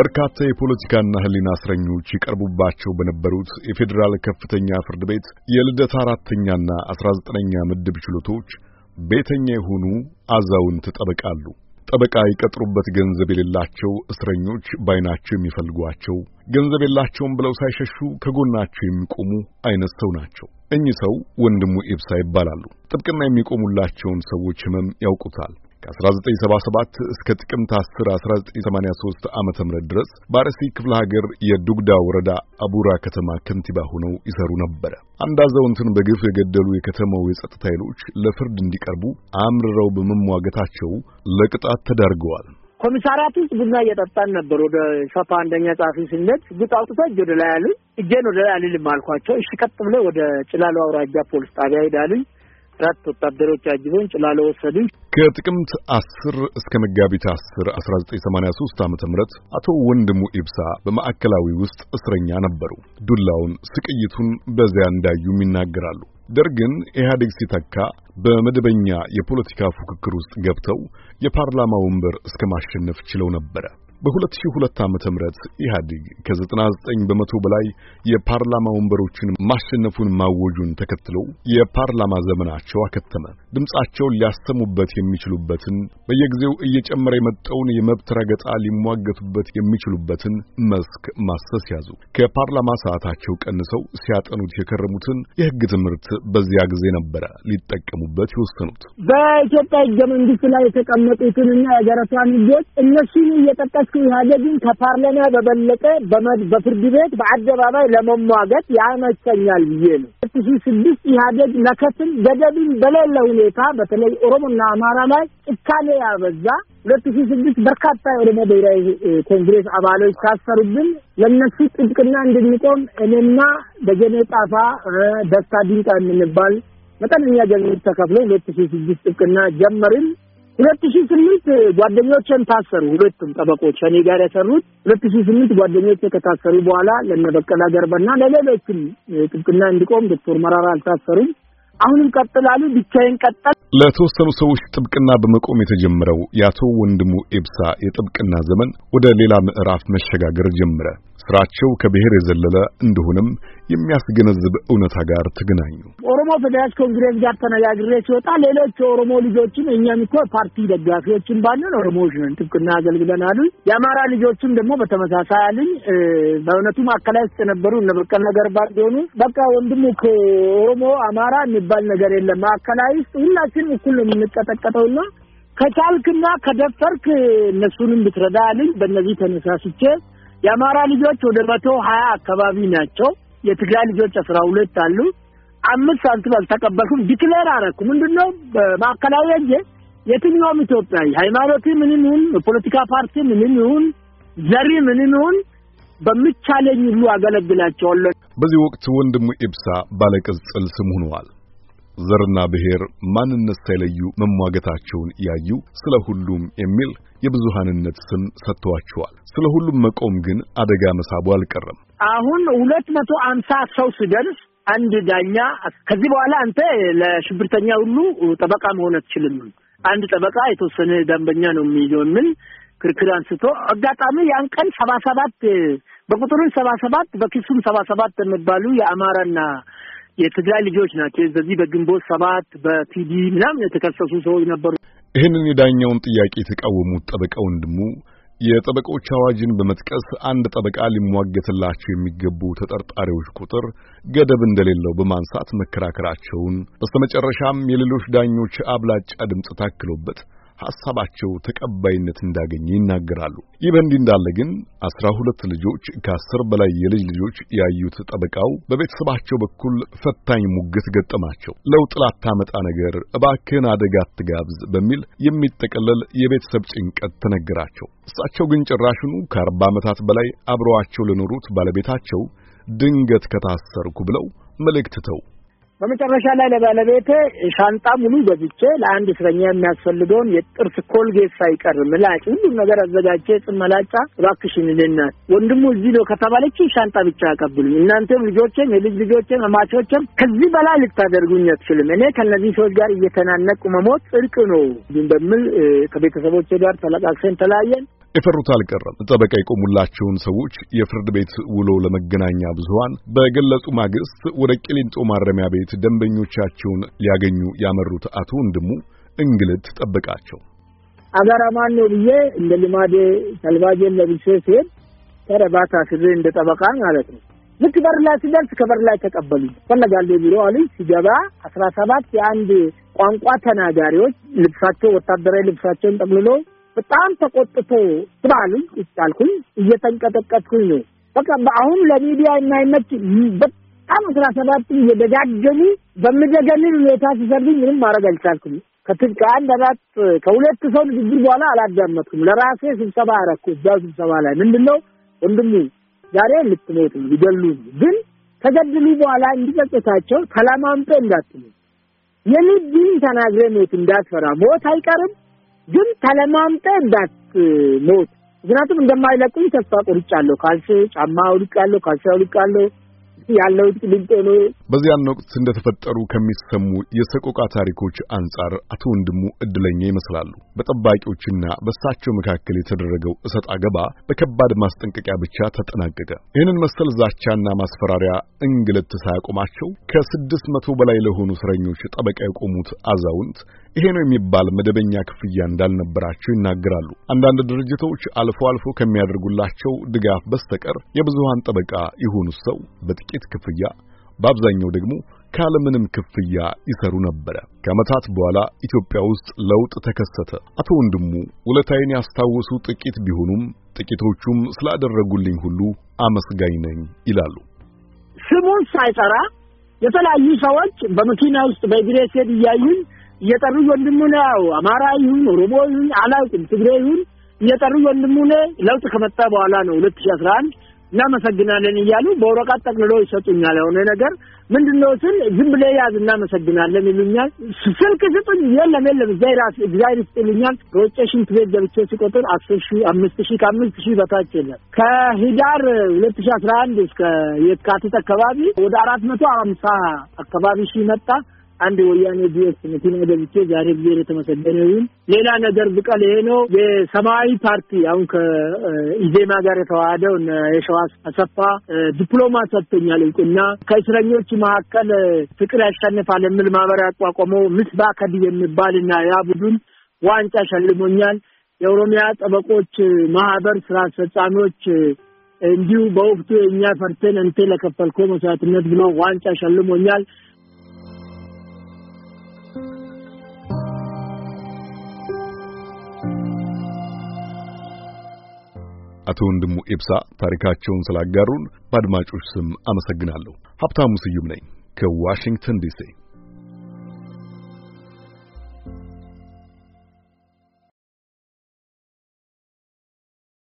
በርካታ የፖለቲካና ሕሊና እስረኞች ይቀርቡባቸው በነበሩት የፌዴራል ከፍተኛ ፍርድ ቤት የልደታ አራተኛና አስራ ዘጠነኛ ምድብ ችሎቶች ቤተኛ የሆኑ አዛውንት ጠበቃ አሉ። ጠበቃ ይቀጥሩበት ገንዘብ የሌላቸው እስረኞች ባይናቸው የሚፈልጓቸው ገንዘብ የላቸውም ብለው ሳይሸሹ ከጎናቸው የሚቆሙ አይነት ሰው ናቸው። እኚህ ሰው ወንድሙ ኤብሳ ይባላሉ። ጥብቅና የሚቆሙላቸውን ሰዎች ሕመም ያውቁታል። ከ1977 እስከ ጥቅምት 10 1983 ዓመተ ምህረት ድረስ በአርሲ ክፍለ ሀገር የዱግዳ ወረዳ አቡራ ከተማ ከንቲባ ሆነው ይሰሩ ነበረ። አንድ አዛውንትን በግፍ የገደሉ የከተማው የጸጥታ ኃይሎች ለፍርድ እንዲቀርቡ አምርረው በመሟገታቸው ለቅጣት ተዳርገዋል። ኮሚሳሪያት ውስጥ ቡና እየጠጣን ነበር። ወደ ሸፋ አንደኛ ጸሐፊ ስንሄድ ሽጉጥ አውጥቶ እጅ ወደ ላይ አሉኝ። እጄን ወደ ላይ አልልም አልኳቸው። እሺ ቀጥ ብለ ወደ ጭላሎ አውራጃ ፖሊስ ጣቢያ ሄዳልኝ ኤርትራት ወታደሮች አጅቦን ወሰዱ። ከጥቅምት 10 እስከ መጋቢት 10 1983 ዓ.ም አቶ ወንድሙ ኢብሳ በማዕከላዊ ውስጥ እስረኛ ነበሩ። ዱላውን፣ ስቅይቱን በዚያ እንዳዩም ይናገራሉ። ደርግን ኢህአዴግ ሲተካ በመደበኛ የፖለቲካ ፉክክር ውስጥ ገብተው የፓርላማ ወንበር እስከ ማሸነፍ ችለው ነበረ። በ2002 ዓ.ም ምህረት ኢህአዲግ ከ99 በመቶ በላይ የፓርላማ ወንበሮችን ማሸነፉን ማወጁን ተከትሎ የፓርላማ ዘመናቸው አከተመ። ድምጻቸውን ሊያሰሙበት የሚችሉበትን በየጊዜው እየጨመረ የመጣውን የመብት ረገጣ ሊሟገቱበት የሚችሉበትን መስክ ማሰስ ያዙ። ከፓርላማ ሰዓታቸው ቀንሰው ሲያጠኑት የከረሙትን የህግ ትምህርት በዚያ ጊዜ ነበረ ሊጠቀሙበት የወሰኑት። በኢትዮጵያ ህገ መንግስት ላይ የተቀመጡትንና የገረቷን ህጎች እነሱን እየጠቀሱ መንግስት ኢህአዴግን ከፓርላማ በበለጠ በፍርድ ቤት በአደባባይ ለመሟገት ያመቸኛል ብዬ ነው። ሁለት ሺ ስድስት ኢህአዴግ ለከፍል ገደብን በሌለ ሁኔታ በተለይ ኦሮሞና አማራ ላይ ጭካኔ ያበዛ ሁለት ሺ ስድስት በርካታ የኦሮሞ ብሔራዊ ኮንግሬስ አባሎች ካሰሩብን ለእነሱ ጥብቅና እንድንቆም እኔና በጀኔ ጣፋ ደስታ ድንቃ የምንባል መጠነኛ ገንዘብ ተከፍሎ ሁለት ሺ ስድስት ጥብቅና ጀመርን። ሁለት ሺ ስምንት ጓደኞቼን ታሰሩ። ሁለቱም ጠበቆች እኔ ጋር የሰሩት ሁለት ሺ ስምንት ጓደኞች ከታሰሩ በኋላ ለነበቀላ ገርበና ለሌሎችም ጥብቅና እንዲቆም ዶክተር መራራ አልታሰሩም። አሁንም ቀጥላሉ። ብቻዬን ቀጠል። ለተወሰኑ ሰዎች ጥብቅና በመቆም የተጀመረው የአቶ ወንድሙ ኤብሳ የጥብቅና ዘመን ወደ ሌላ ምዕራፍ መሸጋገር ጀመረ። ስራቸው ከብሔር የዘለለ እንደሆነም የሚያስገነዝብ እውነታ ጋር ተገናኙ። ኦሮሞ ፌዴራል ኮንግሬስ ጋር ተነጋግሬ ሲወጣ ሌሎች የኦሮሞ ልጆችም እኛም እኮ ፓርቲ ደጋፊዎችን ባለን ኦሮሞዎች ነን፣ ጥብቅና አገልግለን አሉኝ። የአማራ ልጆችም ደግሞ በተመሳሳይ አሉኝ። በእውነቱ ማዕከላዊ ውስጥ የነበሩ እነ በቀለ ገርባ እንዲሆኑ በቃ ወንድሙ ከኦሮሞ አማራ የሚባል ነገር የለም ማዕከላዊ ውስጥ ሁላችንም እኩል ነው የምንቀጠቀጠውና ከቻልክና ከደፈርክ እነሱንም ብትረዳ አሉኝ። በእነዚህ ተነሳስቼ የአማራ ልጆች ወደ መቶ ሀያ አካባቢ ናቸው። የትግራይ ልጆች አስራ ሁለት አሉ። አምስት ሳንቲም አልተቀበልኩም። ዲክሌር አረኩ። ምንድነው በማዕከላዊ እጄ የትኛውም ኢትዮጵያዊ ሃይማኖት ምንም ይሁን የፖለቲካ ፓርቲ ምንም ይሁን ዘሪ ምንም ይሁን በምቻለኝ ሁሉ አገለግላቸዋለሁ። በዚህ ወቅት ወንድሙ ኢብሳ ባለቅጽል ስም ሆነዋል። ዘርና ብሔር፣ ማንነት ሳይለዩ መሟገታቸውን ያዩ ስለ ሁሉም የሚል የብዙሃንነት ስም ሰጥተዋቸዋል። ስለ ሁሉም መቆም ግን አደጋ መሳቡ አልቀረም። አሁን ሁለት መቶ አምሳ ሰው ሲደርስ አንድ ዳኛ ከዚህ በኋላ አንተ ለሽብርተኛ ሁሉ ጠበቃ መሆን አትችልም፣ አንድ ጠበቃ የተወሰነ ደንበኛ ነው የሚይዘው የሚል ክርክር አንስቶ አጋጣሚ ያን ቀን ሰባ ሰባት በቁጥሩ ሰባ ሰባት በኪሱም ሰባ ሰባት የሚባሉ የአማራና የትግራይ ልጆች ናቸው። በዚህ በግንቦት ሰባት በቲዲ ምናምን የተከሰሱ ሰዎች ነበሩ። ይህንን የዳኛውን ጥያቄ የተቃወሙት ጠበቃ ወንድሙ የጠበቆች አዋጅን በመጥቀስ አንድ ጠበቃ ሊሟገትላቸው የሚገቡ ተጠርጣሪዎች ቁጥር ገደብ እንደሌለው በማንሳት መከራከራቸውን በስተመጨረሻም የሌሎች ዳኞች አብላጫ ድምፅ ታክሎበት ሐሳባቸው ተቀባይነት እንዳገኘ ይናገራሉ። ይህ በእንዲህ እንዳለ ግን አስራ ሁለት ልጆች ከአስር በላይ የልጅ ልጆች ያዩት ጠበቃው በቤተሰባቸው በኩል ፈታኝ ሙግት ገጠማቸው። ለውጥ ላታመጣ ነገር እባክህን አደጋ አትጋብዝ በሚል የሚጠቀለል የቤተሰብ ጭንቀት ተነገራቸው። እሳቸው ግን ጭራሽኑ ከአርባ ዓመታት በላይ አብረዋቸው ለኖሩት ባለቤታቸው ድንገት ከታሰርኩ ብለው መልእክት ተው በመጨረሻ ላይ ለባለቤቴ ሻንጣ ሙሉ ገዝቼ ለአንድ እስረኛ የሚያስፈልገውን የጥርስ ኮልጌት ሳይቀር ምላጭ፣ ሁሉም ነገር አዘጋጀ። ጽም መላጫ እባክሽን ልና ወንድሙ እዚህ ነው ከተባለች ሻንጣ ብቻ ያቀብሉኝ። እናንተም ልጆቼም፣ የልጅ ልጆቼም፣ እማቾቼም ከዚህ በላይ ልታደርጉኝ አትችልም። እኔ ከነዚህ ሰዎች ጋር እየተናነቁ መሞት እርቅ ነው በሚል ከቤተሰቦቼ ጋር ተለቃቅሰን ተለያየን። የፈሩት አልቀረም። ጠበቃ የቆሙላቸውን ሰዎች የፍርድ ቤት ውሎ ለመገናኛ ብዙሃን በገለጹ ማግስት ወደ ቂሊንጦ ማረሚያ ቤት ደንበኞቻቸውን ሊያገኙ ያመሩት አቶ ወንድሙ እንግልት ጠበቃቸው። አገራ ማን ነው ብዬ እንደ ልማዴ ተልባጄን ለብሼ ሲሄድ ተረባ ታስሬ እንደ ጠበቃ ማለት ነው። ልክ በር ላይ ሲደርስ ከበር ላይ ተቀበሉኝ። ፈለጋለ ቢሮ አሉኝ። ሲገባ አስራ ሰባት የአንድ ቋንቋ ተናጋሪዎች ልብሳቸው ወታደራዊ ልብሳቸውን ጠቅልሎ በጣም ተቆጥቶ ስባሉ ይቻልኩኝ እየተንቀጠቀጥኩኝ ነው። በቃ በአሁን ለሚዲያ የማይመች በጣም አስራ ሰባት እየደጋገሙ በምደገምን ሁኔታ ሲሰርኝ ምንም ማድረግ አልቻልኩም። ከአንድ አራት ከሁለት ሰው ንግግር በኋላ አላዳመጥኩም። ለራሴ ስብሰባ አረኩ። እዛ ስብሰባ ላይ ምንድን ነው ወንድሙ ዛሬ ልትሞቱ ሊገሉ ግን ከገድሉ በኋላ እንዲጸጸታቸው ተለማምጦ እንዳትሞት የልብህን ተናግሬ ሞት እንዳትፈራ ሞት አይቀርም ግን ተለማምጠ ሞት ምክንያቱም እንደማይለቁኝ ተስፋ ቆርጫለሁ። ካልሲ ጫማ አውልቃለሁ፣ ካልሲ አውልቃለሁ። ያለው ልምጤ ነው። በዚያን ወቅት እንደተፈጠሩ ከሚሰሙ የሰቆቃ ታሪኮች አንጻር አቶ ወንድሙ እድለኛ ይመስላሉ። በጠባቂዎችና በእሳቸው መካከል የተደረገው እሰጥ አገባ በከባድ ማስጠንቀቂያ ብቻ ተጠናቀቀ። ይህንን መሰል ዛቻና ማስፈራሪያ እንግልት ሳያቆማቸው ከስድስት መቶ በላይ ለሆኑ እስረኞች ጠበቃ የቆሙት አዛውንት ይሄ ነው የሚባል መደበኛ ክፍያ እንዳልነበራቸው ይናገራሉ። አንዳንድ ድርጅቶች አልፎ አልፎ ከሚያደርጉላቸው ድጋፍ በስተቀር የብዙሃን ጠበቃ የሆኑ ሰው በጥቂት ክፍያ በአብዛኛው ደግሞ ካለምንም ክፍያ ይሰሩ ነበረ። ከዓመታት በኋላ ኢትዮጵያ ውስጥ ለውጥ ተከሰተ። አቶ ወንድሙ ውለታዬን ያስታውሱ ጥቂት ቢሆኑም ጥቂቶቹም ስላደረጉልኝ ሁሉ አመስጋኝ ነኝ ይላሉ። ስሙን ሳይጠራ የተለያዩ ሰዎች በመኪና ውስጥ በእግሬ ስሄድ እያዩኝ እየጠሩ ወንድሙን ያው አማራ ይሁን ኦሮሞ ይሁን አላውቅም ትግሬ ይሁን እየጠሩ ወንድሙን ለውጥ ከመጣ በኋላ ነው ሁለት ሺ አስራ አንድ እናመሰግናለን እያሉ በወረቀት ጠቅልሎ ይሰጡኛል። የሆነ ነገር ምንድነው ስል ዝም ብለህ ያዝ እናመሰግናለን ይሉኛል። ስልክ ስጡኝ፣ የለም የለም እግዚአብሔር ይስጥልኛል። ከውጭ ሽንት ቤት ገብቼ ሲቆጥር አስር ሺ አምስት ሺ ከአምስት ሺ በታች የለም። ከሂዳር ሁለት ሺ አስራ አንድ እስከ የካቲት አካባቢ ወደ አራት መቶ አምሳ አካባቢ ሺ መጣ። አንድ ወያኔ ቢኤስ መኪና ገብቼ ዛሬ ብዬ ይሁን። ሌላ ነገር ብቀል ይሄ ነው። የሰማያዊ ፓርቲ አሁን ከኢዜማ ጋር የተዋሃደው የሸዋስ አሰፋ ዲፕሎማ ሰጥቶኛል እውቅና ከእስረኞች መካከል ፍቅር ያሸንፋል የሚል ማህበር ያቋቋመው ምስባ ከዲ የሚባልና ያ ቡድን ዋንጫ ሸልሞኛል። የኦሮሚያ ጠበቆች ማህበር ስራ አስፈጻሚዎች እንዲሁ በወቅቱ የእኛ ፈርተን እንቴ ለከፈልኮ መስዋዕትነት ብሎ ዋንጫ ሸልሞኛል። አቶ ወንድሙ ኤብሳ ታሪካቸውን ስላጋሩን በአድማጮች ስም አመሰግናለሁ። ሀብታሙ ስዩም ነኝ ከዋሽንግተን ዲሲ